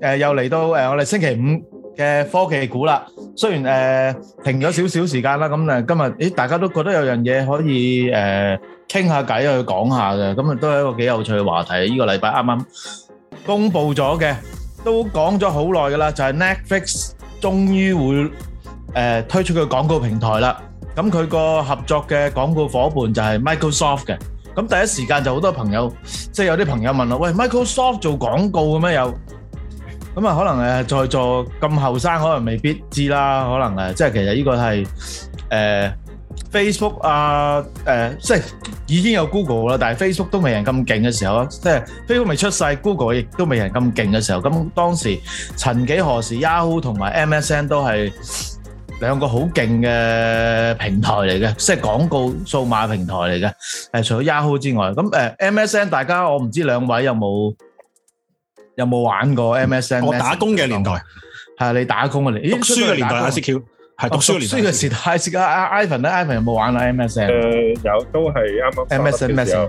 誒又嚟到誒我哋星期五嘅科技估啦，雖然誒停咗少少時間啦，咁誒今日，咦大家都覺得有樣嘢可以誒傾下偈去講下嘅，咁啊都係一個幾有趣嘅話題。呢個禮拜啱啱公布咗嘅，都講咗好耐㗎啦，就係 Netflix 終於會誒推出個廣告平台啦。咁佢個合作嘅廣告夥伴就係 Microsoft 嘅。咁第一時間就好多朋友，即係有啲朋友問啦，喂 Microsoft 做廣告嘅咩又？咁啊，可能誒在座咁後生，可能未必知啦。可能誒，即係其實呢個係誒 Facebook 啊，誒即係已經有 Google 啦，但係 Facebook 都未人咁勁嘅時候，即係 Facebook 未出世，Google 亦都未人咁勁嘅時候，咁當時曾幾何時 Yahoo 同埋 MSN 都係兩個好勁嘅平台嚟嘅，即係廣告數碼平台嚟嘅。誒，除咗 Yahoo 之外，咁誒 MSN，大家我唔知兩位有冇？有冇玩過 MSN？嗯、我打工嘅年代係你打工嘅年代，讀書嘅年代啊，Cisco 係讀書嘅時代啊 ，Ivan 咧，Ivan 有冇玩啊 MSN？誒有，都係啱啱 message 嘅時候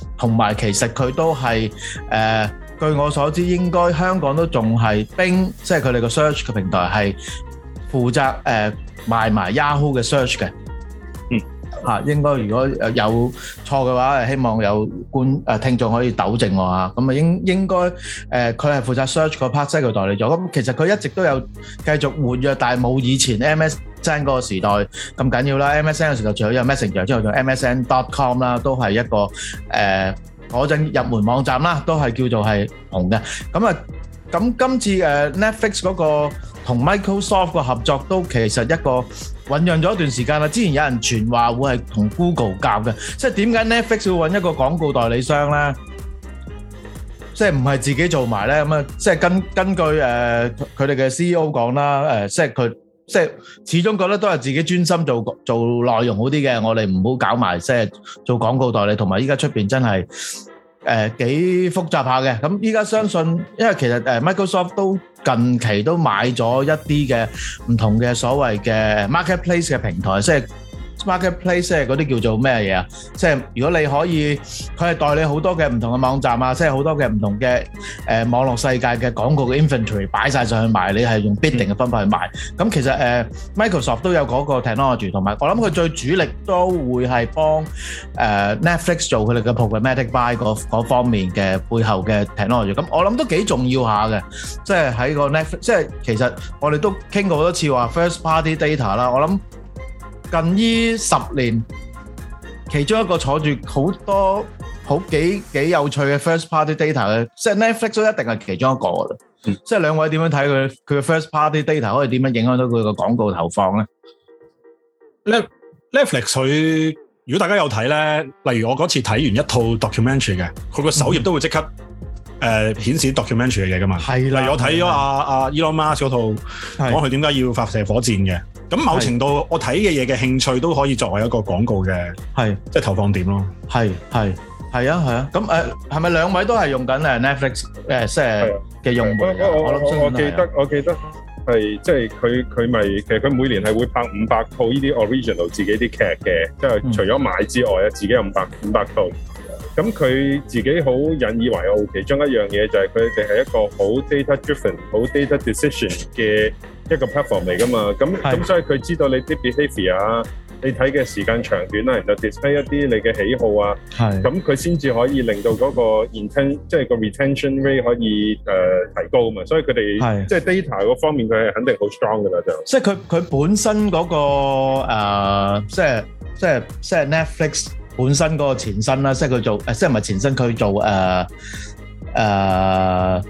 同埋其實佢都係誒，據我所知應該香港都仲係 Bing，即係佢哋個 search 嘅平台係負責誒賣埋 Yahoo 嘅 search 嘅。嗯，嚇應該如果有錯嘅話，希望有觀誒聽眾可以糾正我嚇。咁啊，應應該誒佢係負責 search 個 part，即係佢代理咗。咁其實佢一直都有繼續活躍，但係冇以前 MS send 嗰個時代咁緊要啦，MSN 嘅時代除咗有 message 之外，仲有 MSN dot com 啦，都係一個誒嗰陣入門網站啦，都係叫做係紅嘅。咁啊，咁今次誒 Netflix 嗰個同 Microsoft 個合作，都其實一個醞釀咗一段時間啦。之前有人傳話會係同 Google 夾嘅，即係點解 Netflix 會搵一個廣告代理商咧？即係唔係自己做埋咧？咁啊，即係根根據誒佢哋嘅 CEO 講啦，誒即係佢。即係始終覺得都係自己專心做做內容好啲嘅，我哋唔好搞埋即係做廣告代理，同埋依家出面真係誒、呃、幾複雜下嘅。咁依家相信，因為其實 Microsoft 都近期都買咗一啲嘅唔同嘅所謂嘅 marketplace Marketplace 係嗰啲叫做咩嘢啊？即係如果你可以，佢係代理好多嘅唔同嘅網站啊，即係好多嘅唔同嘅誒網絡世界嘅廣告嘅 inventory 擺曬上去賣，你係用 bidding 嘅方法去賣。咁其實誒 Microsoft 都有嗰個 technology，同埋我諗佢最主力都會係幫誒 Netflix 做佢哋嘅 programmatic buy 嗰嗰方面嘅背後嘅 technology。咁我諗都幾重要下嘅，即係喺個 Netflix，即係其實我哋都傾過好多次話 first party data 啦。我諗。近依十年，其中一個坐住好多好幾幾有趣嘅 first party data 咧，即係 Netflix 都一定係其中一個嘅。嗯、即係兩位點樣睇佢佢嘅 first party data 可以點樣影響到佢嘅廣告投放呢？Netflix 佢如果大家有睇呢，例如我嗰次睇完一套 documentary 嘅，佢個首頁都會即刻。嗯誒顯示 documentary 嘅嘢噶嘛？係例如我睇咗阿阿 Elon Musk 嗰套講佢點解要發射火箭嘅。咁某程度，我睇嘅嘢嘅興趣都可以作為一個廣告嘅，係即係投放點咯。係係係啊係啊，咁誒係咪兩位都係用緊誒 Netflix 誒嘅用戶？我我諗，我記得我記得係即係佢佢咪其實佢每年係會拍五百套呢啲 original 自己啲劇嘅，即係除咗買之外咧，自己有五百五百套。咁佢自己好引以為傲，其中一樣嘢就係佢哋係一個好 data driven、好 data decision 嘅一個 platform 嚟噶嘛。咁咁是所以佢知道你啲 behavior 啊，你睇嘅時間長短啦、啊，然後 display 一啲你嘅喜好啊，咁佢先至可以令到嗰個 intend，即係個 retention rate 可以誒、呃、提高啊嘛。所以佢哋即係 data 嗰方面，佢係肯定好 strong 噶啦就。即係佢佢本身嗰、嗰個、呃、即係即係即係 Netflix。本身嗰個前身啦，即係佢做，誒，即係唔係前身佢做，誒，誒，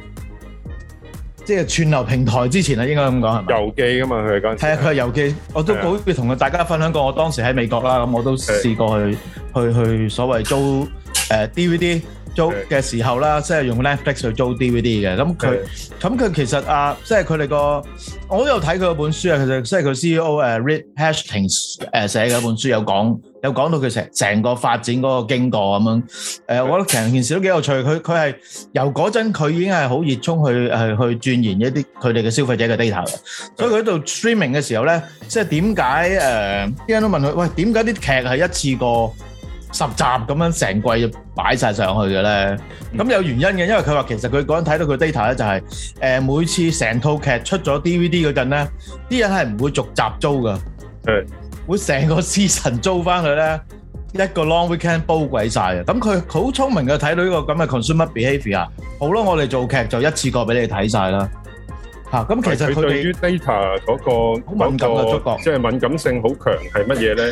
即係串流平台之前啊，應該咁講係咪？郵寄㗎嘛，佢嗰陣，係啊，佢係郵寄，我都好似同大家分享過，我當時喺美國啦，咁我都試過去，去，去所謂租，誒，DVD。租嘅時候啦，即係用 Netflix 去租 DVD 嘅，咁佢，咁佢其實啊，即係佢哋個，我都有睇佢嗰本書啊，其實即係佢 CEO 誒 Reed Hastings 誒寫嘅本書，有講有講到佢成成個發展嗰個經過咁樣。誒，我覺得成件事都幾有趣，佢佢係由嗰陣佢已經係好熱衷去誒去鑽研一啲佢哋嘅消費者嘅 data 嘅，所以佢喺度 streaming 嘅時候咧，即係點解誒啲人都問佢，喂，點解啲劇係一次過？十集咁樣成季擺曬上去嘅咧，咁有原因嘅，因為佢話其實佢嗰陣睇到佢 data 咧就係，誒每次成套劇出咗 DVD 嗰陣咧，啲人係唔會逐集租噶，會成個 season 租翻佢咧，一個 long weekend 煲鬼曬啊！咁佢好聰明嘅睇到呢個咁嘅 consumer behavior，好囉，我哋做劇就一次過俾你睇曬啦嚇。咁其實佢對於 data 嗰個敏感嘅觸覺，即係敏感性好強係乜嘢咧？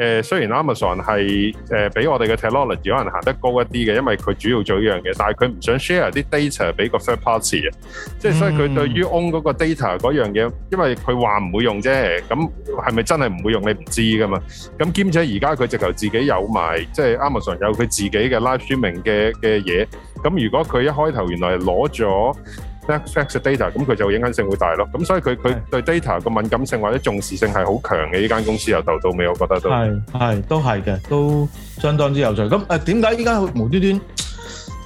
誒、呃、雖然 Amazon 係、呃、比我哋嘅 Technology 可能行得高一啲嘅，因為佢主要做依樣嘢，但係佢唔想 share 啲 data 俾個 third party 啊、嗯，即係所以佢對於 own 嗰個 data 嗰樣嘢，因為佢話唔會用啫，咁係咪真係唔會用你唔知㗎嘛，咁兼且而家佢直頭自己有埋，即、就、係、是、Amazon 有佢自己嘅 live streaming 嘅嘅嘢，咁如果佢一開頭原來攞咗。effect data，咁佢就影響性會大咯，咁所以佢佢對 data 個敏感性或者重視性係好強嘅，呢間公司由頭到尾，我覺得都係係都係嘅，都相當之有趣。咁誒點解依家無端端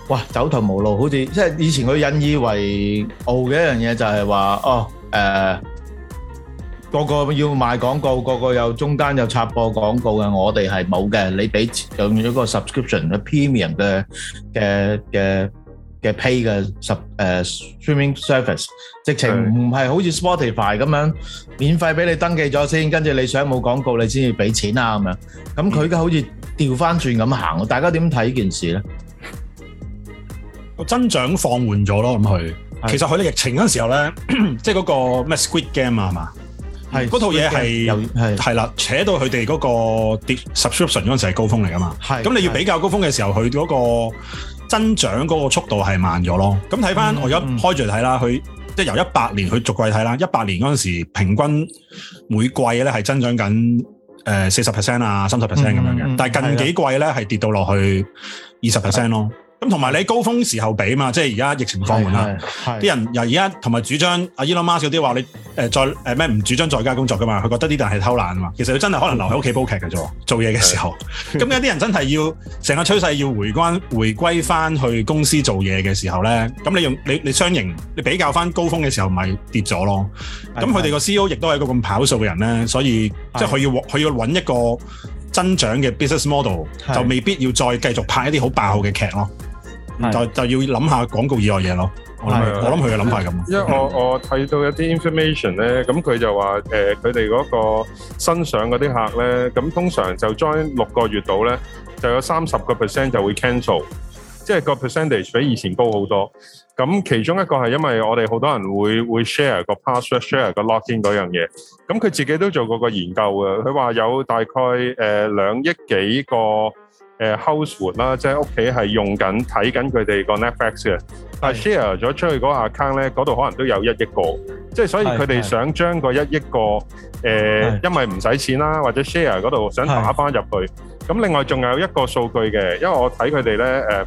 哇走投無路？好似即係以前佢引以為傲嘅一樣嘢，就係話哦誒個個要賣廣告，個個有中間有插播廣告嘅，我哋係冇嘅。你俾有咗個 subscription 嘅 premium 嘅嘅嘅。嘅 pay 嘅、uh, streaming service，直情唔係好似 Spotify 咁樣是的 免費俾你登記咗先，跟住你想冇廣告你先要俾錢啊。咁樣。咁佢就好似調翻轉咁行，大家點睇件事咧？個增長放緩咗咯，咁佢其實喺你疫情嗰陣時候咧是的， 即係嗰個咩 Squid Game 啊嘛，係嗰的套嘢係係啦，扯到佢哋嗰個 subscription 嗰陣時係高峰嚟㗎嘛。咁是的 你要比較高峰嘅時候，佢嗰是的、個。增長嗰個速度係慢咗咯，咁睇翻我而家開住嚟睇啦，佢即係由一八年去逐季睇啦，一八年嗰陣時平均每季咧係增長緊誒四十 percent 啊，三十 percent 咁樣嘅，嗯嗯、但係近幾季咧係跌到落去二十 percent 咯。嗯嗯咁同埋你高峰時候比嘛，即係而家疫情放緩啦，啲是人又而家同埋主張阿 Elon Musk 嗰啲話你、呃、再誒咩唔主張在家工作噶嘛，佢覺得啲人係偷懶啊嘛，其實佢真係可能留喺屋企煲劇嘅啫，做嘢嘅時候，咁有啲人真係要成個趨勢要回關回歸翻去公司做嘢嘅時候咧，咁你用你你雙你，你比較翻高峰嘅時候咪跌咗咯，咁佢哋個 CEO 亦都係一個咁跑數嘅人咧，所以是是即係佢要佢要揾一個。增長嘅 business model 是就未必要再繼續拍一啲好爆紅嘅劇咯，是就就要諗下廣告以外嘢咯。的我諗，我諗佢嘅諗法係咁。因為我我睇到一啲 information 咧、嗯，咁佢就話誒，佢哋嗰個新上嗰啲客咧，咁通常就 join 六個月度咧，就有三十個 percent 就會 cancel。即係個 percentage 比以前高好多，咁其中一個係因為我哋好多人會會 share 個 password sh lock、share 個 login 嗰樣嘢，咁佢自己都做過個研究嘅，佢話有大概誒兩、呃、億幾個誒 household 啦，呃、house work，即係屋企係用緊睇緊佢哋個 Netflix 嘅，Net 是但係 share 咗出去嗰 account 咧，嗰度可能都有一億個，即係所以佢哋想將個一億個誒，呃、是因為唔使錢啦，或者 share 嗰度想打翻入去，咁是另外仲有一個數據嘅，因為我睇佢哋咧誒。呃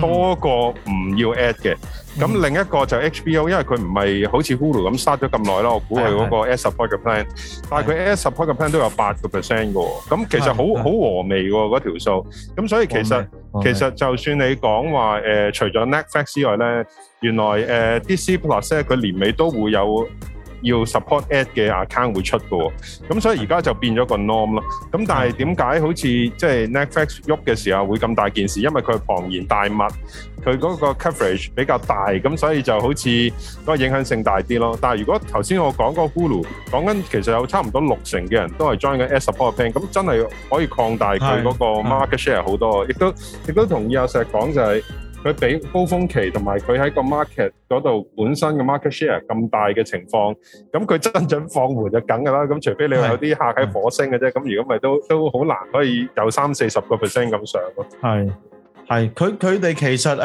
多過唔要 add 嘅，咁另一個就 HBO，因為佢唔係好似 Hulu 咁 start 咗咁耐咯，我估佢嗰個 add support 嘅 plan，但係佢 add support 嘅 plan 都有八個 percent 嘅，咁其實好好和味喎嗰條數，咁所以其實其實就算你講話誒，除咗 Netflix 之外咧，原來誒 DC Plus 咧佢年尾都會有。要 support a d 嘅 account 會出喎，哦，咁所以而家就變咗個 norm 咯。咁但係點解好似即係 Netflix 喐嘅時候會咁大件事？因為佢係龐然大物，佢嗰個 coverage 比較大，咁所以就好似嗰個影響性大啲咯。但係如果頭先我講嗰個 l u 講緊，其實有差唔多六成嘅人都係 join 嘅 a d support p a n 咁真係可以擴大佢嗰個 market share 好多，亦都亦都同意阿石講就係、是。佢比高峯期同埋佢喺個 market 嗰度本身嘅 market share 咁大嘅情況，咁佢增長放緩就梗㗎啦。咁除非你話有啲客喺火星嘅啫，咁如果唔係都都好難可以有三四十個 percent 咁上咯。係係，佢佢哋其實誒誒，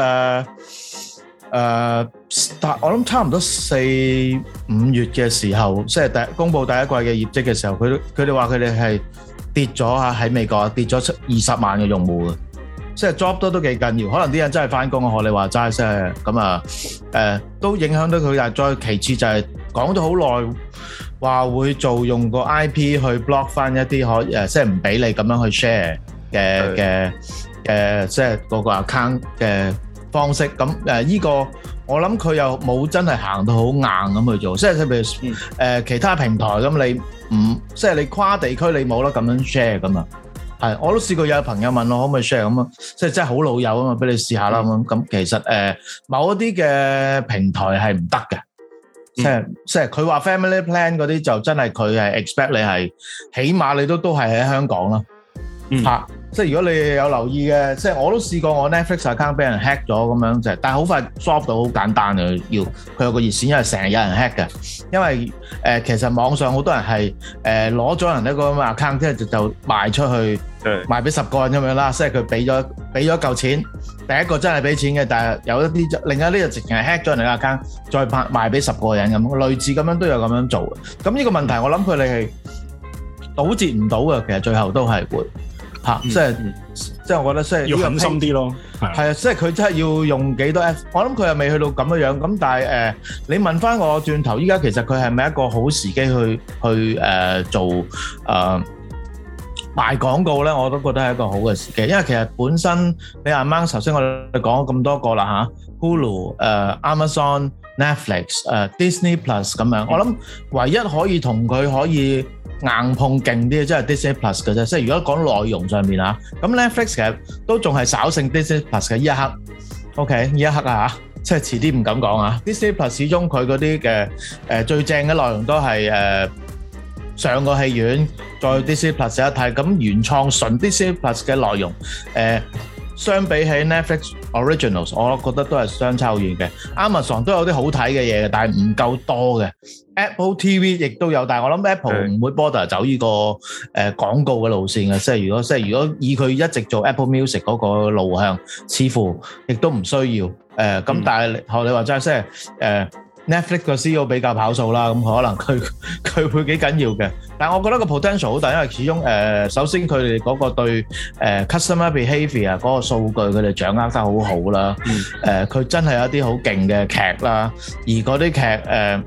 但係我諗差唔多四五月嘅時候，即係第公布第一季嘅業績嘅時候，佢佢哋話佢哋係跌咗啊，喺美國跌咗出二十萬嘅用戶㗎。即係 job 都都幾緊要，可能啲人真係翻工啊，學你話齋啫。咁啊，誒都影響到佢，但係再其次就係講咗好耐，話會做用個 IP 去 block 翻一啲可，誒，即係唔俾你咁樣去 share 嘅嘅嘅，即係嗰個 account 嘅方式。咁誒呢個我諗佢又冇真係行到好硬咁去做，即係譬如誒其他平台咁，你唔即係你跨地區你冇得，咁樣 share 咁啊。係，我都試過有朋友問我可唔可以 share 咁啊，即係真係好老友啊嘛，俾你試下啦咁。咁、嗯、其實、呃、某一啲嘅平台係唔得嘅，嗯、即係即係佢話 family plan 嗰啲就真係佢係 expect 你係起碼你都都係喺香港啦、嗯啊即係如果你有留意嘅，即係我都試過我 Netflix account 俾人 hack 咗咁樣就，但係好快 solve 到好簡單嘅，要佢有個熱線，因為成日有人 hack 嘅。因為誒其實網上好多人係誒攞咗人一個 account 之後就賣出去，賣俾十個人咁樣啦。即係佢俾咗俾咗嚿錢，第一個真係俾錢嘅，但係有一啲另一啲就直情係 hack 咗人哋 account，再賣賣俾十個人咁，類似咁樣都有咁樣做。咁呢個問題我諗佢哋係堵截唔到嘅，其實最後都係會。嚇！即係即係，我覺得即係要狠心啲咯。係啊，即係佢真係要用幾多 F？我諗佢又未去到咁嘅樣。咁但係誒，你問翻我轉頭，依家其實佢係咪一個好時機去去誒做誒賣廣告咧？我都覺得係一個好嘅時機，因為其實本身你啱啱頭先我講咗咁多個啦嚇，Hulu、誒 Amazon、Netflix、誒 Disney Plus 咁樣，我諗唯一可以同佢可以。硬碰勁啲，即係 Disney Plus 嘅啫。即係如果講內容上面啊，咁 Netflix 其實都仲係稍勝 Disney Plus 嘅一刻。OK，一刻啦嚇，即係遲啲唔敢講啊。Disney Plus 始終佢嗰啲嘅誒最正嘅內容都係誒上個戲院再 Disney Plus 一睇，咁原創純 Disney Plus 嘅內容誒。相比起 Netflix Originals，我覺得都係相差好遠嘅。Amazon 都有啲好睇嘅嘢嘅，但係唔夠多嘅。Apple TV 亦都有，但係我諗 Apple 唔會 border 走呢個誒廣告嘅路線嘅，即係如果即係如果以佢一直做 Apple Music 嗰個路向，似乎亦都唔需要誒。咁但係學你話齋，即係誒。Netflix 嘅 CEO 比較跑數啦，咁可能佢佢會幾緊要嘅。但係我覺得個 potential 好大，因為始終誒，首先佢哋嗰個對誒 customer behaviour 嗰個數據佢哋掌握得好好啦。誒，佢真係有啲好勁嘅劇啦。而嗰啲劇誒，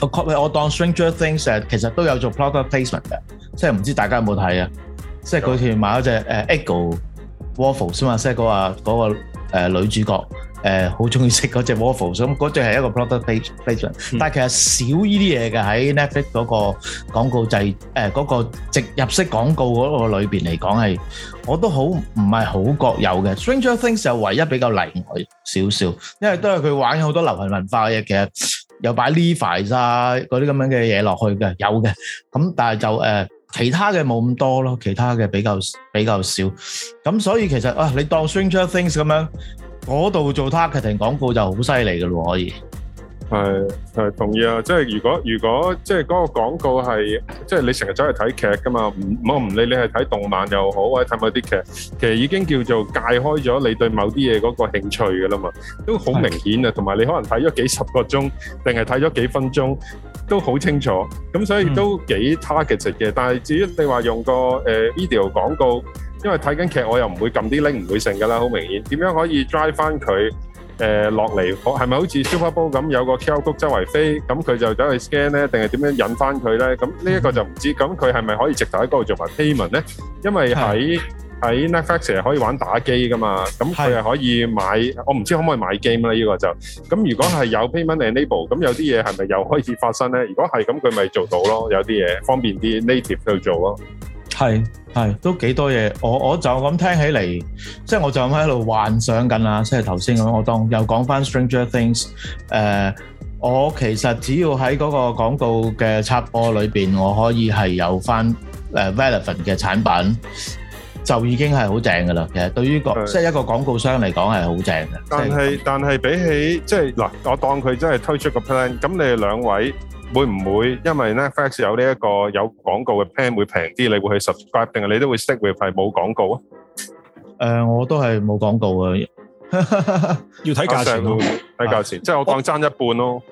我確係我當 Stranger Things 誒，其實都有做 product placement 嘅，即係唔知大家有冇睇啊？即係佢哋買嗰隻誒 Eggo Waffles 啊嘛，即係嗰個嗰個誒女主角。誒好中意食嗰隻 waffle，咁嗰隻係一個 product placement，但係其實少呢啲嘢嘅，喺 Netflix 嗰個廣告就係誒嗰個植入式廣告嗰個裏邊嚟講係，我都好唔係好覺有嘅。Stranger Things 就唯一比較例外少少，因為都係佢玩好多流行文化嘅嘢，其實有擺 leaves 啊嗰啲咁樣嘅嘢落去嘅，有嘅。咁但係就誒其他嘅冇咁多咯，其他嘅比較比較少。咁所以其實啊，你當 Stranger Things 咁樣。嗰度做 targeting 廣告就好犀利㗎咯，可以。係係同意啊，即係如果如果即係嗰個廣告係，即係你成日走去睇劇噶嘛，唔，我唔理你係睇動漫又好，或者睇某啲劇，其實已經叫做界開咗你對某啲嘢嗰個興趣㗎啦嘛，都好明顯啊。同埋的你可能睇咗幾十個鐘，定係睇咗幾分鐘，都好清楚。咁所以都幾 targeting 嘅，嗯、但係至於你話用個誒、呃、video 廣告。因為睇緊劇，我又唔會撳啲 link，唔會剩㗎啦，好明顯。點樣可以 drive 翻佢誒落嚟？係咪好似 Super Bowl 咁有個 QR code 周圍飛？咁佢就走去 scan 咧，定係點樣引翻佢咧？咁呢一個就唔知。咁佢係咪可以直頭喺嗰度做埋 payment 咧？因為喺喺 Netflix 成日可以玩打機㗎嘛，咁佢係可以買。我唔知可唔可以買 game 啦？呢個就咁。如果係有 payment enable，咁有啲嘢係咪又開始發生咧？如果係咁，佢咪做到咯？有啲嘢方便啲 native 去做咯。係係都幾多嘢，我我就咁聽起嚟，即係我就咁喺度幻想緊啦，即係頭先咁，我當又講翻《Stranger Things》誒，我其實只要喺嗰個廣告嘅插播裏邊，我可以係有翻誒 relevant 嘅產品，就已經係好正㗎啦。其實對於個即係一個廣告商嚟講係好正嘅。但係但係比起即係嗱，我當佢真係推出個 plan，咁你哋兩位。會唔會因為咧？Netflix 有呢一個有廣告嘅 plan 會平啲，你會去 subscribe 定係你都會 stick with 係冇廣告啊？誒，我都係冇廣告啊，要睇價錢，睇價錢，即係我講爭一半咯。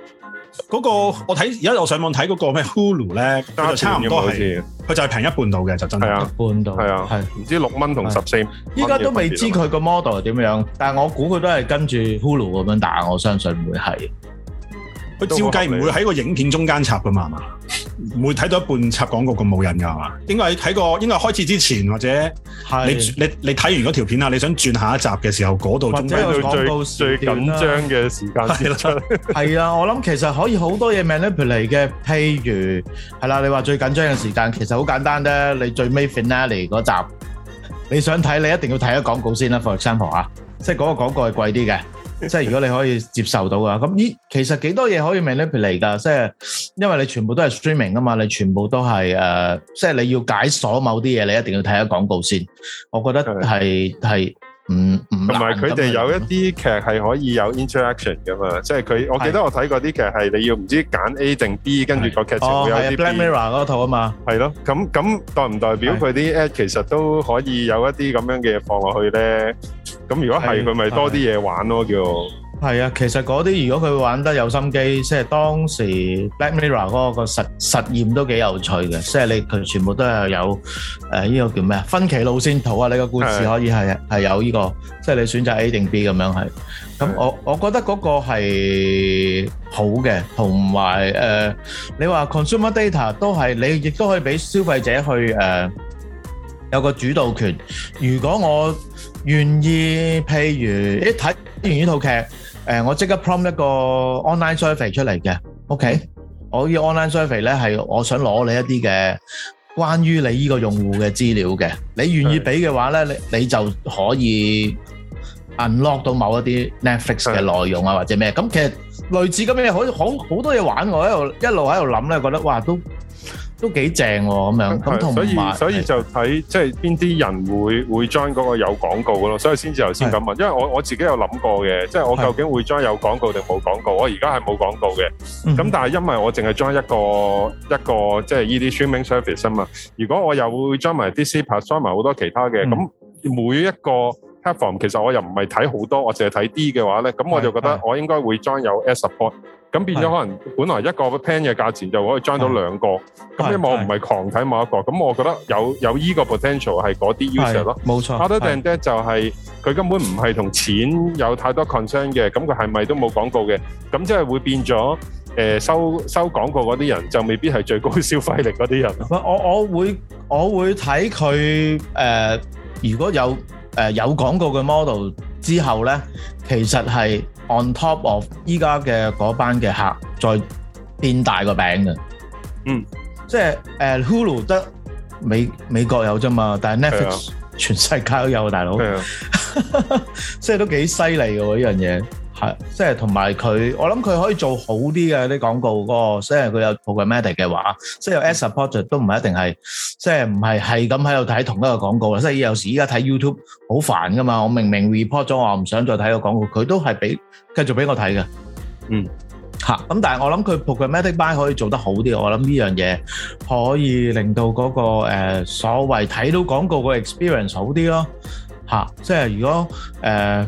嗰個我睇，而家我上網睇嗰個咩 Hulu 咧，就差唔多係，佢就係平一半度嘅，就真係啊，半度係啊，係唔知六蚊同十四，依家都未知佢個 model 係點樣，但係我估佢都係跟住 Hulu 咁樣打，我相信唔會係。佢照計唔會喺個影片中間插㗎嘛？不唔會睇到一半插廣告咁冇癮㗎嘛？應該喺一個應該喺開始之前，或者你你你睇完嗰條片啊，你想轉下一集嘅時候，嗰度中間到最、啊、最緊張嘅時間是係啊，我諗其實可以好多嘢 manipulate 嚟嘅，譬如係啦，你話最緊張嘅時間其實好簡單啫。你最尾 finale 那嗰集，你想睇你一定要睇咗廣告先啦。For example 啊，即係嗰個廣告係貴啲嘅。即係如果你可以接受到嘅，咁咦，其實幾多嘢可以 manipulate 㗎，即係因為你全部都係 streaming 啊嘛，你全部都係誒，即係你要解鎖某啲嘢，你一定要睇下廣告先。我覺得係係唔唔同埋佢哋有一啲劇係可以有 interaction 㗎嘛，即係佢我記得我睇過啲劇係你要唔知揀 A 定 B，跟住個劇情會有啲 B。哦，係《Black Mirror》嗰套啊嘛。係咯，咁咁代唔代表佢啲 app 其實都可以有一啲咁樣嘅嘢放落去咧？咁如果係佢咪多啲嘢玩咯，叫係啊。其實嗰啲如果佢玩得有心機，即係當時 Black Mirror 嗰個實實驗都幾有趣嘅。即係你佢全部都係有誒呢個叫咩啊？分歧路線圖啊！你個故事可以係係有呢個，即係你選擇 A 定 B 咁樣係。咁我我覺得嗰個係好嘅，同埋誒你話 consumer data 都係你亦都可以俾消費者去誒。有個主導權。如果我願意，譬如一睇完呢套劇，誒，我即刻 prompt 一個 online survey 出嚟嘅，OK？我呢個 online survey 咧係我想攞你一啲嘅關於你呢個用戶嘅資料嘅，你願意俾嘅話咧，你你就可以 unlock 到某一啲 Netflix 嘅內容啊，或者咩？咁其實類似咁嘅嘢，好好好多嘢玩，我喺度一路喺度諗咧，覺得哇都～都幾正喎，咁樣咁，同埋，所以就睇即係邊啲人會會 join 嗰個有廣告咯，所以先至頭先咁問，的因為我我自己有諗過嘅，即、就、係、是、我究竟會 join 有廣告定冇廣告？我而家係冇廣告嘅，咁的但係因為我淨係 join 一個、嗯、一個即係依啲 streaming service 啊嘛，如果我又會 join 埋啲 super join 埋好多其他嘅，咁、嗯、每一個。Platform 其實我又唔係睇好多，我淨係睇啲嘅話咧，咁我就覺得我應該會 join 有 S Support，咁變咗可能本來一個 plan 嘅價錢就可以 join 到兩個，咁因為我唔係狂睇某一個，咁我覺得有有依個 potential 係嗰啲 user 咯，冇錯。Product and debt 就係佢根本唔係同錢有太多 concern 嘅，咁佢係咪都冇廣告嘅？咁即係會變咗誒收收廣告嗰啲人就未必係最高消費力嗰啲人。唔係我我會我會睇佢誒如果有。誒、呃、有廣告嘅 model 之後咧，其實係 on top of 依家嘅嗰班嘅客再變大個餅嘅，嗯，即係、呃、Hulu 得美美國有啫嘛，但係 Netflix、啊、全世界都有是啊，大佬、 啊，即係都幾犀利嘅喎呢樣嘢。係，即係同埋佢，我諗佢可以做好啲嘅啲廣告個，即係佢有 programmatic 嘅話，即係有 ad support 都唔係一定係，即係唔係係咁喺度睇同一個廣告啦。即係有時依家睇 YouTube 好煩噶嘛，我明明 report 咗我唔想再睇個廣告，佢都係俾繼續俾我睇嘅。嗯，嚇，咁但係我諗佢 programmatic buy 可以做得好啲，我諗呢樣嘢可以令到嗰個誒所謂睇到廣告個 experience 好啲咯。嚇，即係如果誒。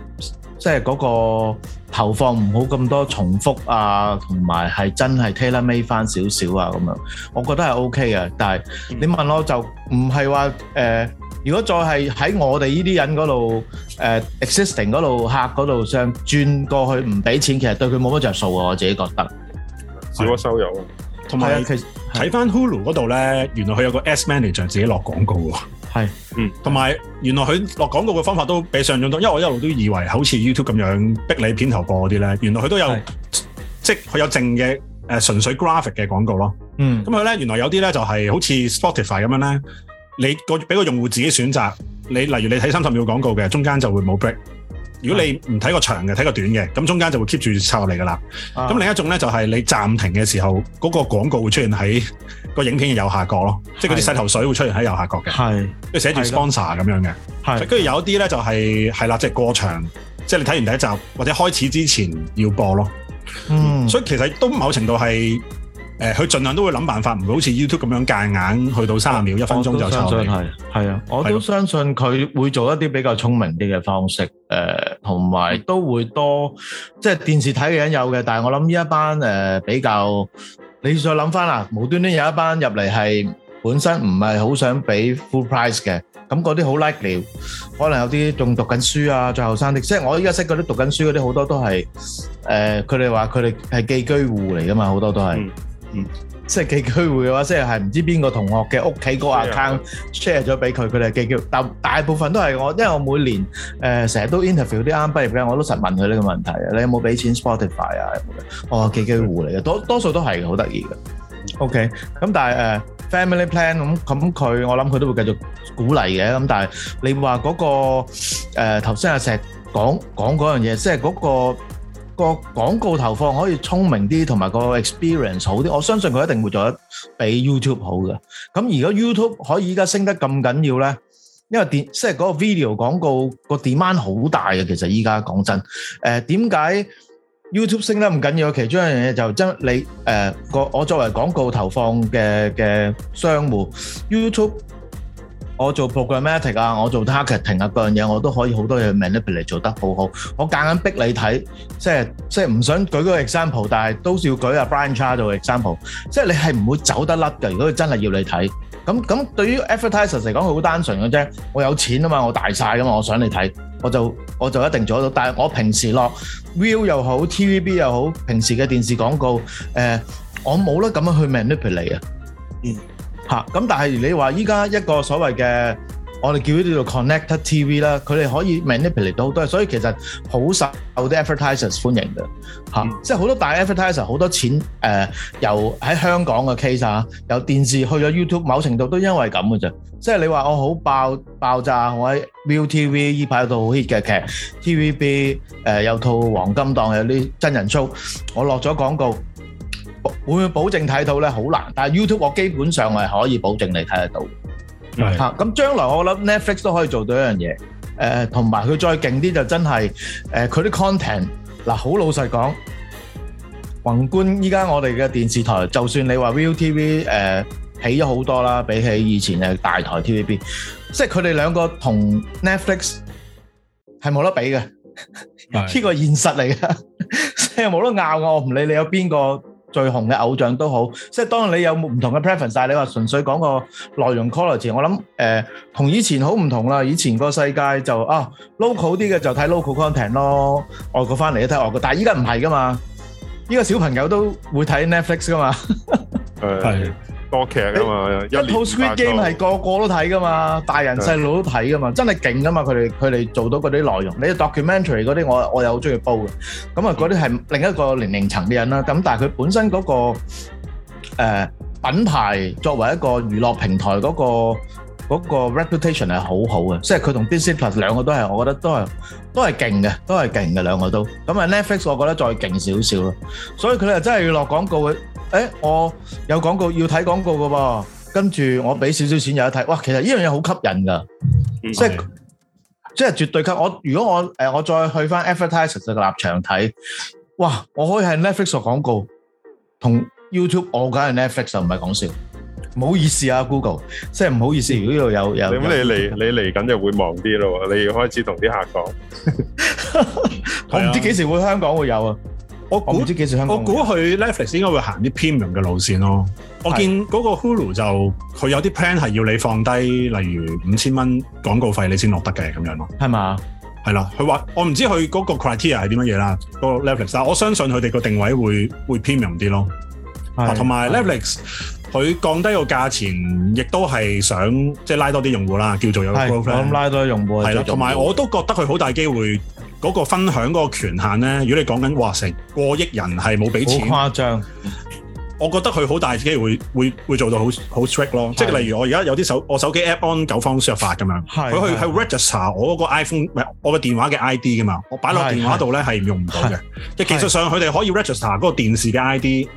即係嗰個投放唔好咁多重複啊，同埋係真係 tailor made 翻少少啊咁樣，我覺得係 OK 嘅。但係你問我就唔係話誒，如果再係喺我哋呢啲人嗰度誒 existing 嗰度客嗰度上轉過去唔俾錢，其實對佢冇乜著數啊。我自己覺得少咗收油啊。同埋其實睇翻 Hulu 嗰度咧，原來佢有個 ads manager 自己落廣告喎。係，是嗯，同埋原來佢落廣告嘅方法都比上用多，因為我一路都以為好似 YouTube 咁樣逼你片頭播嗰啲咧，原來佢都有是即佢有淨嘅誒純粹 graphic 嘅廣告咯，嗯，咁佢咧原來有啲咧就係、是、好似 Spotify 咁樣咧，你個俾個用戶自己選擇，你例如你睇三十秒廣告嘅中間就會冇 break。如果你唔睇個長嘅，睇個短嘅，咁中間就會 keep 住插入嚟噶啦。咁、uh huh. 另一種咧就係、是、你暫停嘅時候，嗰、那個廣告會出現喺個影片嘅右下角咯，uh huh. 即係嗰啲洗頭水會出現喺右下角嘅。係，跟住寫住 sponsor 咁樣嘅。係，跟住有啲咧就係、是、係啦，即、就、係、是、過場，即、就、係、是、你睇完第一集或者開始之前要播咯。嗯、uh，huh. 所以其實都某程度係。誒，佢盡量都會諗辦法，唔會好似 YouTube 咁樣隔硬去到三十秒一分鐘就收尾。都相信係，係啊，我都相信佢會做一啲比較聰明啲嘅方式。誒，同埋都會多即係電視睇嘅人有嘅，但係我諗呢一班誒比較，你再諗翻啊？無端端有一班入嚟係本身唔係好想俾 full price 嘅，咁嗰啲好 likely，可能有啲仲讀緊書啊，最後生啲，即係我依家識嗰啲讀緊書嗰啲好多都係誒，佢哋話佢哋係寄居戶嚟噶嘛，好多都係。嗯，即係寄居戶嘅話，即係係唔知邊個同學嘅屋企嗰個 account share 咗俾佢，佢哋係寄居。但大部分都係我，因為我每年誒成日,都 interview 啲啱畢業嘅，我都實問佢呢個問題，你有冇俾錢 Spotify 啊？有冇？哦，寄居戶嚟嘅，多多數都係嘅，好得意嘅。OK，咁但係誒 family plan 咁咁佢，我諗佢都會繼續鼓勵嘅。咁但係你話嗰個誒頭先阿石講講嗰樣嘢，即係嗰個。個廣告投放可以聰明啲，同埋個 experience 好啲，我相信佢一定會做得比 YouTube 好嘅。咁而家 YouTube 可以而家升得咁緊要呢？因為電即係嗰個 video 廣告個 demand 好大嘅。其實依家講真，誒、呃，點解 YouTube 升得咁緊要？其中一樣嘢就真、是、你誒，個、呃、我作為廣告投放嘅嘅商戶，YouTube。我做 programmatic 啊，我做 targeting 啊，各樣嘢我都可以好多嘢 manipulate 做得好好。我夾硬逼你睇，即係即係唔想舉個 example，但係都是要舉阿 Brian Charles 嘅 example。即係你係唔會走得甩嘅。如果佢真係要你睇，咁咁對於 advertisers 嚟講，佢好單純嘅啫。我有錢啊嘛，我大晒啊嘛，我想你睇，我就我就一定做得到。但係我平時落 Viu 又好，TVB 又好，平時嘅電視廣告，誒，我冇得咁樣去 manipulate 啊。嗯。咁但係你話依家一個所謂嘅，我哋叫呢啲做 Connect TV 啦，佢哋可以 manipulate 到好多，所以其實好受啲 advertisers 歡迎嘅、嗯啊。即係好多大 advertiser 好多錢誒、呃，由喺香港嘅 case 啊，由電視去咗 YouTube，某程度都因為咁嘅啫。即係你話我好爆爆炸，我喺 ViuTV 依排、呃、有套好 hit 嘅劇，TVB 誒有套黃金檔有啲真人 show，我落咗廣告。會唔會保證睇到咧？好難，但係 YouTube 我基本上係可以保證你睇得到。係。嚇，咁將來我諗 Netflix 都可以做到一樣嘢。誒，同埋佢再勁啲就真係誒，佢啲 content 嗱，好老實講，宏觀依家我哋嘅電視台，就算你話 Viu TV 誒起咗好多啦，比起以前嘅大台 TVB，即係佢哋兩個同 Netflix 係冇得比嘅。係。呢個現實嚟嘅，所以冇得拗嘅。我唔理你有邊個。最紅嘅偶像都好，即係當然你有唔同嘅 preference，但係你話純粹講個內容 quality 我。我諗誒同以前好唔同啦。以前個世界就啊 local 啲嘅就睇 local content 咯，外國翻嚟都睇外國，但係依家唔係噶嘛，依家小朋友都會睇 Netflix 噶嘛。係的。 多劇㗎嘛，一套 Squid Game 係個個都睇㗎嘛，大人細路都睇㗎嘛，真係勁㗎嘛！佢哋佢哋做到嗰啲內容，你 documentary 嗰啲，我我又好中意煲嘅。咁啊，嗰啲係另一個年齡層嘅人啦。咁但係佢本身嗰個誒品牌作為一個娛樂平台嗰個嗰個 reputation 係好好嘅，即係佢同 Disney Plus 兩個都係，我覺得都係都係勁嘅，都係勁嘅兩個都。咁啊，Netflix 我覺得再勁少少咯，所以佢哋真係要落廣告嘅。誒，我有廣告要睇廣告噶喎，跟住我俾少少錢有得睇，哇！其實呢樣嘢好吸引噶，即係即係絕對吸。我如果我誒，我再去翻 advertiser 嘅立場睇，哇！我可以係 Netflix 做廣告，同 YouTube 我梗係 Netflix 啦，唔係講笑。唔好意思啊，Google，即係唔好意思。如果呢度有有，咁你嚟、你嚟緊就會忙啲咯。你要開始同啲客講，我唔知幾時會香港會有啊。我估唔知幾時香我估佢 Netflix 應該會行啲 premium 嘅路線咯。我見嗰個 Hulu 就佢有啲 plan 係要你放低，例如五千蚊廣告費你先落得嘅咁樣咯。係嘛嗎？係啦，佢話我唔知佢嗰個 criteria 係啲乜嘢啦。個 Netflix，我相信佢哋個定位會會 premium 啲咯。同埋 Netflix 佢降低個價錢，亦都係想即係、就是、拉多啲用戶啦，叫做有 profile，我諗拉多用戶。係啦，同埋我都覺得佢好大機會。嗰個分享嗰個權限咧，如果你講緊哇成過億人係冇俾錢，好誇張，我覺得佢好大機會會會做到好好 strict 咯。即係例如我而家有啲手，我手機 app on 九方輸入法咁樣，佢去喺 register 我嗰個 iPhone 唔係我個電話嘅 ID 噶嘛，我擺落電話度咧係用唔到嘅。即係技術上佢哋可以 register 嗰個電視嘅 ID，誒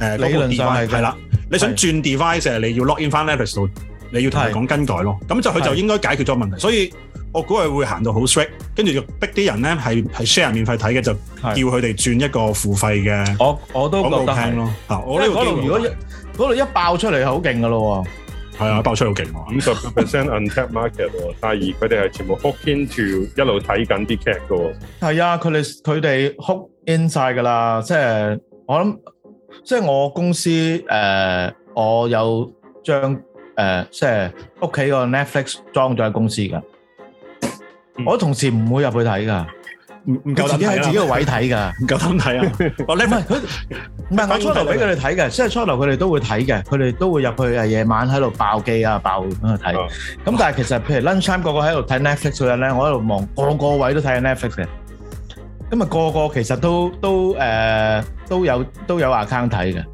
嗰個 device 係啦。你想轉 device 你要 log in 翻 Netflix 度，你要同佢講更改咯。咁就佢就應該解決咗問題，所以。我估係會行到好 sweet 跟住就逼啲人咧係係 share 免費睇嘅，就叫佢哋轉一個付費嘅。我也我都覺得係咯。吓，我呢度如果嗰度一爆出嚟係好勁噶咯。係啊的，爆出嚟好勁啊！五十 percent untapped market，第二佢哋係全部 hook into 一路睇緊啲劇噶。係啊，佢哋佢哋 hook in 晒噶啦。即係我諗，即係我公司誒、呃，我有將誒、呃、即係屋企個 Netflix 裝咗喺公司噶。我同事唔會入去睇噶，唔唔夠膽睇啊！喺自己個位睇噶，唔夠膽睇啊！唔係佢，唔係我初頭俾佢哋睇嘅，雖然初頭佢哋都會睇嘅，佢哋都會入去啊，夜晚喺度爆劇啊，爆咁去睇。咁但係其實譬如 lunch time 個個喺度睇 Netflix 嗰陣咧，我喺度望個個位都睇 Netflix 嘅，咁啊個個其實都都誒都有都有 account 睇嘅。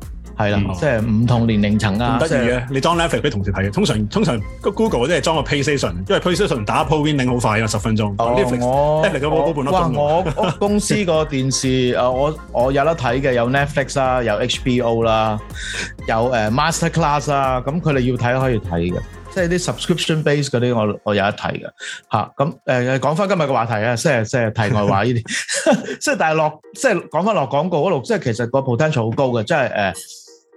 係啦，是嗯、即係唔同年齡層啊，唔得意嘅。就是、你裝 Netflix 俾同事睇嘅，通常通常 Google 嗰啲係裝個 PlayStation，因為 PlayStation 打鋪 Winning 好快啦、啊，十分鐘。哦，Netflix，我哇，我，我公司個電視啊， 我我有得睇嘅，有 Netflix 啦，有 HBO 啦，有誒 MasterClass 啦、啊，咁佢哋要睇可以睇嘅，即係啲 Subscription base 嗰啲，我我有得睇嘅。嚇、啊，咁誒、呃、講翻今日個話題啊，即係即係題外話呢啲， 即係但係落即係講翻落廣告嗰度，即係其實個 potential 好高嘅，即係誒。呃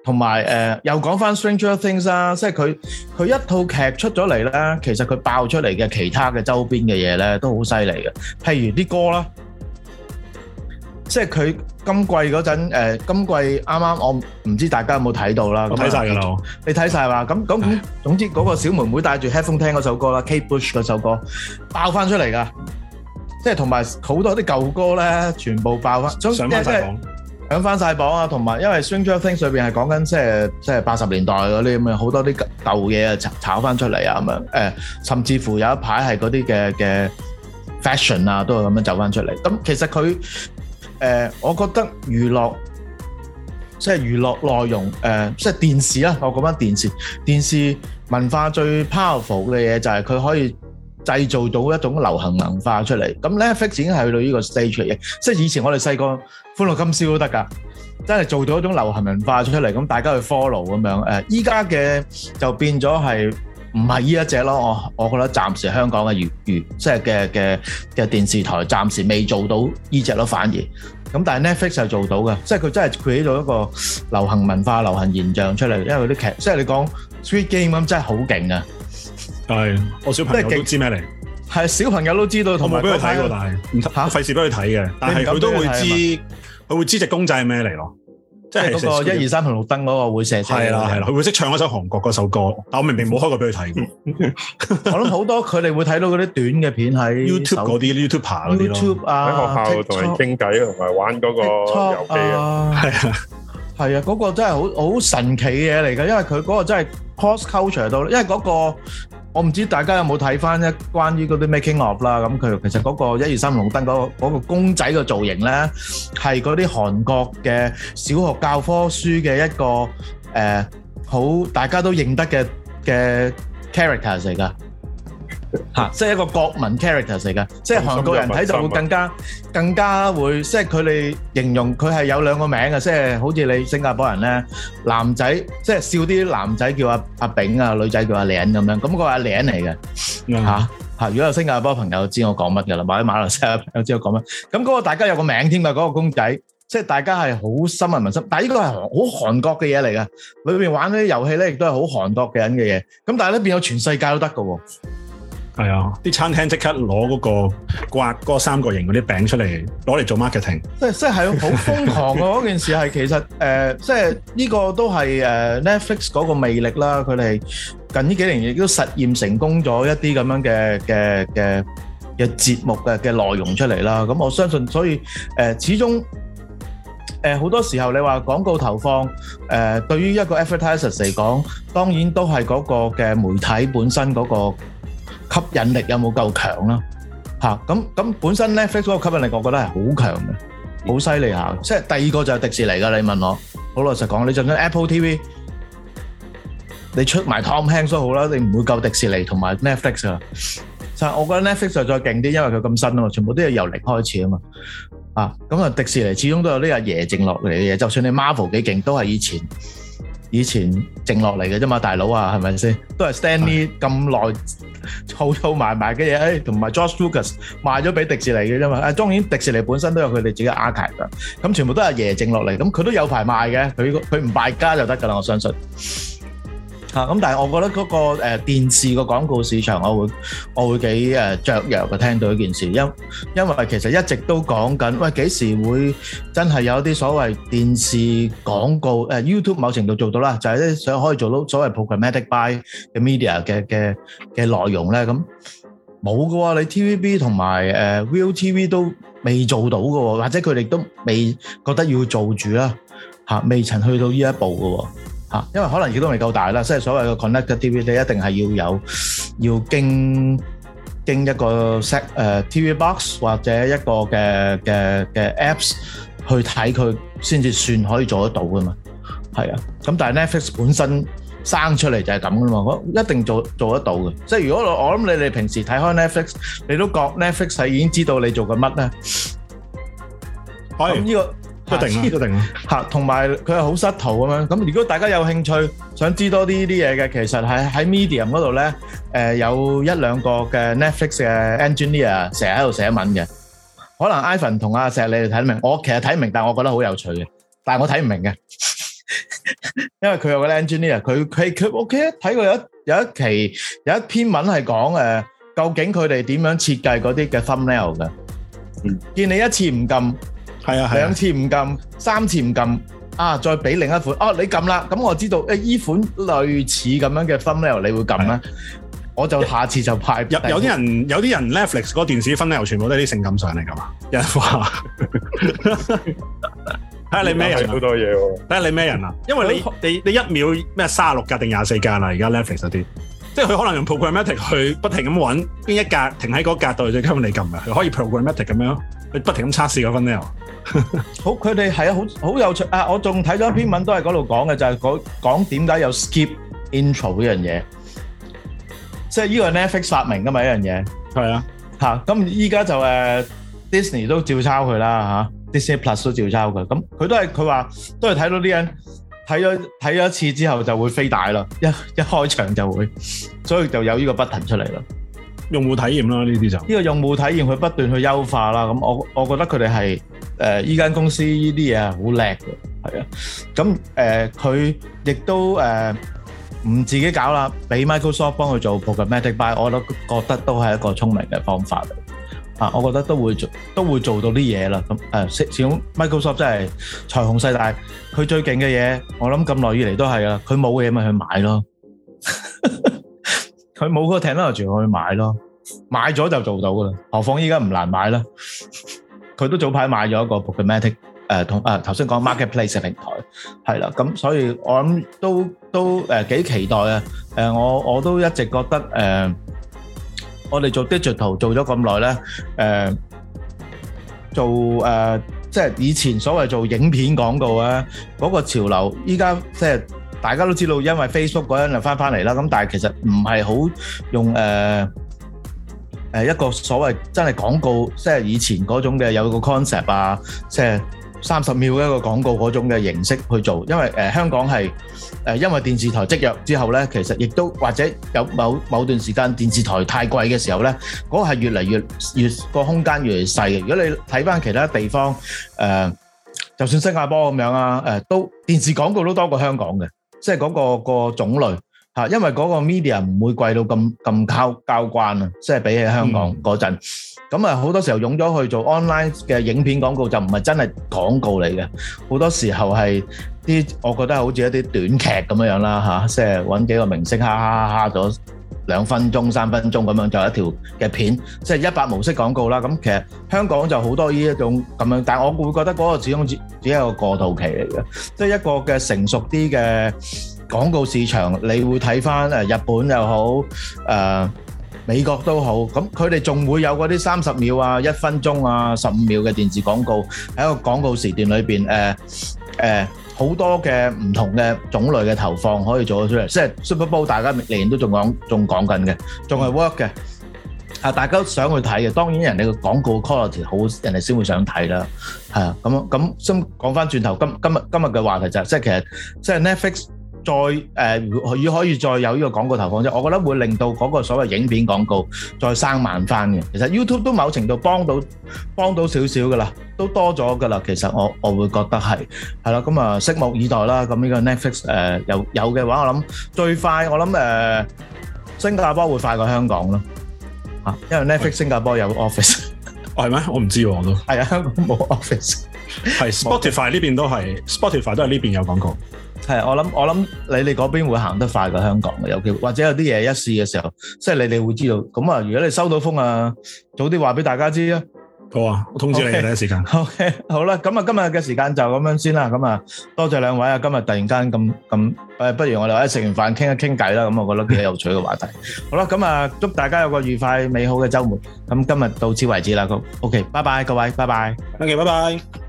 同埋誒，又講翻《Stranger Things》啦，即係佢佢一套劇出咗嚟咧，其實佢爆出嚟嘅其他嘅周邊嘅嘢咧，都好犀利嘅。譬如啲歌啦，即係佢今季嗰陣誒，今季啱啱我唔知大家有冇睇到啦。我睇曬㗎啦，你睇曬嘛？咁咁咁，總之嗰個小妹妹戴住 headphone 聽嗰首歌啦，《Kate Bush》嗰首歌爆翻出嚟㗎，即係同埋好多啲舊歌咧，全部爆翻上網曬講。上翻晒榜啊，同埋因為《Stranger Things》裏邊係講緊即係即係八十年代嗰啲咁樣，好多啲舊嘢啊，炒翻出嚟啊咁樣，誒甚至乎有一排係嗰啲嘅嘅 fashion 啊都係咁樣走翻出嚟。咁其實佢誒，我覺得娛樂即係、就是、娛樂內容，誒即係電視啦，我講翻電視，電視文化最 powerful 嘅嘢就係佢可以。製造到一種流行文化出嚟，咁 Netflix 已經係去到呢個 stage 嘅，即係以前我哋細個《歡樂今宵》都得㗎，真係做到一種流行文化出嚟，咁大家去 follow 咁樣。誒，而家嘅就變咗係唔係呢一隻咯？我我覺得暫時香港嘅粵語即係嘅嘅嘅電視台暫時未做到呢隻咯，反而咁，但係 Netflix 係做到嘅，即係佢真係 create 到一個流行文化、流行現象出嚟，因為啲劇，即係你講《Squid Game》咁，真係好勁啊！係，我小朋友都知咩嚟。係，小朋友都知道，同埋冇俾佢睇過，但係唔得，費事俾佢睇嘅。但係佢都會知，佢會知隻公仔係咩嚟咯，即係嗰個一二三紅綠燈嗰個會射。係啦係啦，佢會識唱嗰首韓國嗰首歌。但係我明明冇開過俾佢睇過。我諗好多佢哋會睇到嗰啲短嘅片喺 YouTube 嗰啲 YouTuber 嗰啲咯，喺學校同人傾偈同埋玩嗰個遊戲啊，係啊，係啊，嗰個真係好好神奇嘅嘢嚟噶，因為佢嗰個真係 cross culture 到，因為嗰個。我唔知大家有冇睇翻一關於嗰啲 Making Of 啦，咁佢其實嗰個一二三紅燈嗰嗰個公仔嘅造型咧，係嗰啲韓國嘅小學教科書嘅一個誒好大家都認得嘅嘅 characters 嚟㗎。吓，即係一個國民 character 嚟噶，即係韓國人睇就會更加更加會，即係佢哋形容佢係有兩個名嘅，即係好似你新加坡人咧，男仔即係笑啲男仔叫阿阿炳啊，女仔叫阿靚咁樣，咁個阿靚嚟嘅吓吓，如果有新加坡朋友知我講乜嘅啦，或者馬來西亞朋友知我講乜，咁嗰個大家有個名添噶，嗰個公仔，即係大家係好深民民心，但係呢個係好韓國嘅嘢嚟噶，裏邊玩嗰啲遊戲咧，亦都係好韓國嘅人嘅嘢，咁但係咧變咗全世界都得噶。係啊！啲餐廳即刻攞嗰個刮嗰個三角形嗰啲餅出嚟，攞嚟做 marketing。即係即係係好瘋狂㗎！嗰件事係其實誒，即係呢個都係誒 Netflix 嗰個魅力啦。佢哋近呢幾年亦都實驗成功咗一啲咁樣嘅嘅嘅嘅節目嘅嘅內容出嚟啦。咁我相信，所以誒始終誒好多時候你話廣告投放誒，對於一個 advertiser 嚟講，當然都係嗰個嘅媒體本身嗰個。吸引力有冇夠強啦？吓，咁咁本身咧，Netflix 嘅吸引力，我覺得係好強嘅，好犀利下。即係第二個就係迪士尼噶。你問我，好老實講，你就算 Apple TV，你出埋 Tom Hanks 都好啦，你唔會夠迪士尼同埋 Netflix 噶。就係我覺得 Netflix 就再勁啲，因為佢咁新啊嘛，全部都要由零開始啊嘛。啊，咁啊，迪士尼始終都有啲阿爺剩落嚟嘅嘢，就算你 Marvel 幾勁，都係以前。以前剩落嚟嘅啫嘛，大佬啊，係咪先？都係 Stan Lee 咁耐儲儲的埋埋嘅嘢，誒，同埋、哎、George Lucas 賣咗俾迪士尼嘅啫嘛。啊，當然迪士尼本身都有佢哋自己嘅 archive 嘅，咁全部都係爺剩落嚟，咁佢都有排賣嘅，佢佢唔敗家就得㗎啦，我相信。嚇！咁但係我覺得嗰個誒電視個廣告市場，我會我會幾誒雀躍嘅聽到呢件事，因因為其實一直都講緊，喂，幾時會真係有啲所謂電視廣告誒，YouTube 某程度做到啦，就係啲想可以做到所謂 programmatic buy 嘅 media 嘅嘅嘅內容咧，咁冇嘅喎，你 TVB 同埋誒 ViuTV 都未做到嘅喎，或者佢哋都未覺得要做住啦，嚇未曾去到呢一步嘅喎。嚇，因為可能亦都未夠大啦，即係所謂嘅 Connect 嘅 TV 咧，你一定係要有要經經一個 set 誒 TV box 或者一個嘅嘅嘅 Apps 去睇佢先至算可以做得到嘅嘛。係啊，咁但係 Netflix 本身生出嚟就係咁嘅啦嘛，我一定做做得到嘅。即係如果我我諗你哋平時睇開 Netflix，你都覺 Netflix 係已經知道你做緊乜咧。係。個定，個定啊！吓，同埋佢係好失圖咁樣。咁如果大家有興趣想知多啲呢啲嘢嘅，其實係喺 Medium 嗰度咧，誒有一兩個嘅 Netflix 嘅 engineer 成日喺度寫文嘅。可能 Ivan 同阿石你哋睇得明，我其實睇唔明，但係我覺得好有趣嘅，但係我睇唔明嘅，因為佢有個 engineer，佢佢佢 O K 啊。睇過有有一期有一篇文係講誒，究竟佢哋點樣設計嗰啲嘅 Thumbnail 嘅？見你一次唔撳。係啊，兩次唔撳，啊、三次唔撳啊！再俾另一款哦、啊，你撳啦，咁我知道誒，依、欸、款類似咁樣嘅分類，你會撳啦。啊、我就下次就派次有有啲人有啲人 Netflix 嗰段時分類全部都係啲性感上嚟㗎嘛，有人話睇下你咩人好多嘢睇下你咩人啊？因為你 你你一秒咩三十六格定廿四格啦？而家 Netflix 嗰啲，即係佢可能用 programmatic 去不停咁揾邊一格停喺嗰格度，最根本你撳嘅，佢可以 programmatic 咁樣、啊。佢不停咁測試個分量， 好佢哋係好好有趣、啊、我仲睇咗一篇文都在那裡的，都係嗰度講嘅，就係講點解有 skip intro 呢樣嘢，即係呢個 Netflix 發明㗎嘛呢樣嘢，係啊，咁依家就 Disney、吓、都照抄佢啦 Disney Plus 都照抄佢。咁佢都係佢話都係睇到啲人睇咗睇咗一次之後就會飛大啦，一一開場就會，所以就有呢個 button 出嚟啦。用戶體驗啦，呢啲就呢個用戶體驗，佢不斷去優化啦。咁我我覺得佢哋係誒依間公司呢啲嘢係好叻嘅，係啊。咁誒佢亦都誒唔自己搞啦，俾 Microsoft 幫佢做 Programmatic Buy，我都覺得都係一個聰明嘅方法啊。我覺得都會做都會做到啲嘢啦。咁誒，小 Microsoft 真係財雄勢大，佢最勁嘅嘢，我諗咁耐以嚟都係啊。佢冇嘢咪去買咯。佢冇個 technology，佢買咯，買咗就做到噶啦。何況依家唔難買啦。佢都早排買咗一個 protectic，誒同誒頭先講 marketplace 平台，係啦。咁所以我諗都都誒幾期待啊。誒我我都一直覺得誒，我哋做 digital 做咗咁耐咧，誒做誒即係以前所謂做影片廣告咧，嗰個潮流依家即係。大家都知道，因為 Facebook 嗰樣又翻翻嚟啦，咁但係其實唔係好用誒誒一個所謂真係廣告，即係以前嗰種嘅有個 concept 啊，即係三十秒嘅一個廣告嗰種嘅形式去做，因為誒香港係誒因為電視台積弱之後咧，其實亦都或者有某某段時間電視台太貴嘅時候咧，嗰個係越嚟越越個空間越嚟細嘅。如果你睇翻其他地方誒，就算新加坡咁樣啊誒，都電視廣告都多過香港嘅。即係嗰、嗰個、嗰個種類，因為嗰個 media 唔會貴到咁咁交交關啊，即係比起香港嗰陣。咁啊好多時候用咗去做 online 嘅影片廣告就唔係真係廣告嚟嘅，好多時候係啲我覺得好似一啲短劇咁樣樣啦嚇，即係揾幾個明星哈哈哈咗。兩分鐘、三分鐘咁樣就一條嘅片，即係一百模式廣告啦。咁其實香港就好多呢一種咁樣，但我會覺得嗰個始終只只係一個過渡期嚟嘅，即係一個嘅成熟啲嘅廣告市場。你會睇返誒日本又好，誒美國都好，咁佢哋仲會有嗰啲三十秒啊、一分鐘啊、十五秒嘅電視廣告喺一個廣告時段裏面誒誒，好多嘅唔同嘅種類嘅投放可以做得出嚟，即係 Super Bowl，大家年年都仲講仲講緊嘅，仲係 work 嘅。啊，大家想去睇嘅，當然人哋嘅廣告 quality 好，人哋先會想睇啦。係啊，咁咁先講返轉頭，今今日今日嘅話題就係即係其實即係 Netflix。再誒已可以再有呢個廣告投放啫，我覺得會令到嗰個所謂影片廣告再生猛翻嘅。其實 YouTube 都某程度幫到幫到少少噶啦，都多咗噶啦。其實我我會覺得係係啦，咁啊拭目以待啦。咁呢個 Netflix 誒有有嘅話，我諗最快我諗誒新加坡會快過香港咯，嚇，因為 Netflix 新加坡有 office，係咩？我唔知我都係啊，香港冇 office，係 Spotify 呢邊都係 Spotify 都係呢邊有廣告。係，我諗我諗你你嗰邊會行得快過香港嘅，有機會或者有啲嘢一試嘅時候，即係你哋會知道。咁啊，如果你收到風啊，早啲話俾大家知啦。好啊，我通知你哋第一時間。OK，好啦，咁啊，今日嘅時間就咁樣先啦。咁啊，多謝兩位啊，今日突然間咁咁，誒，不如我哋一食完飯傾一傾偈啦。咁啊，我覺得幾有趣嘅話題。好啦，咁啊，祝大家有個愉快美好嘅周末。咁今日到此為止啦。咁 OK，拜拜各位，拜拜，thank you，拜拜。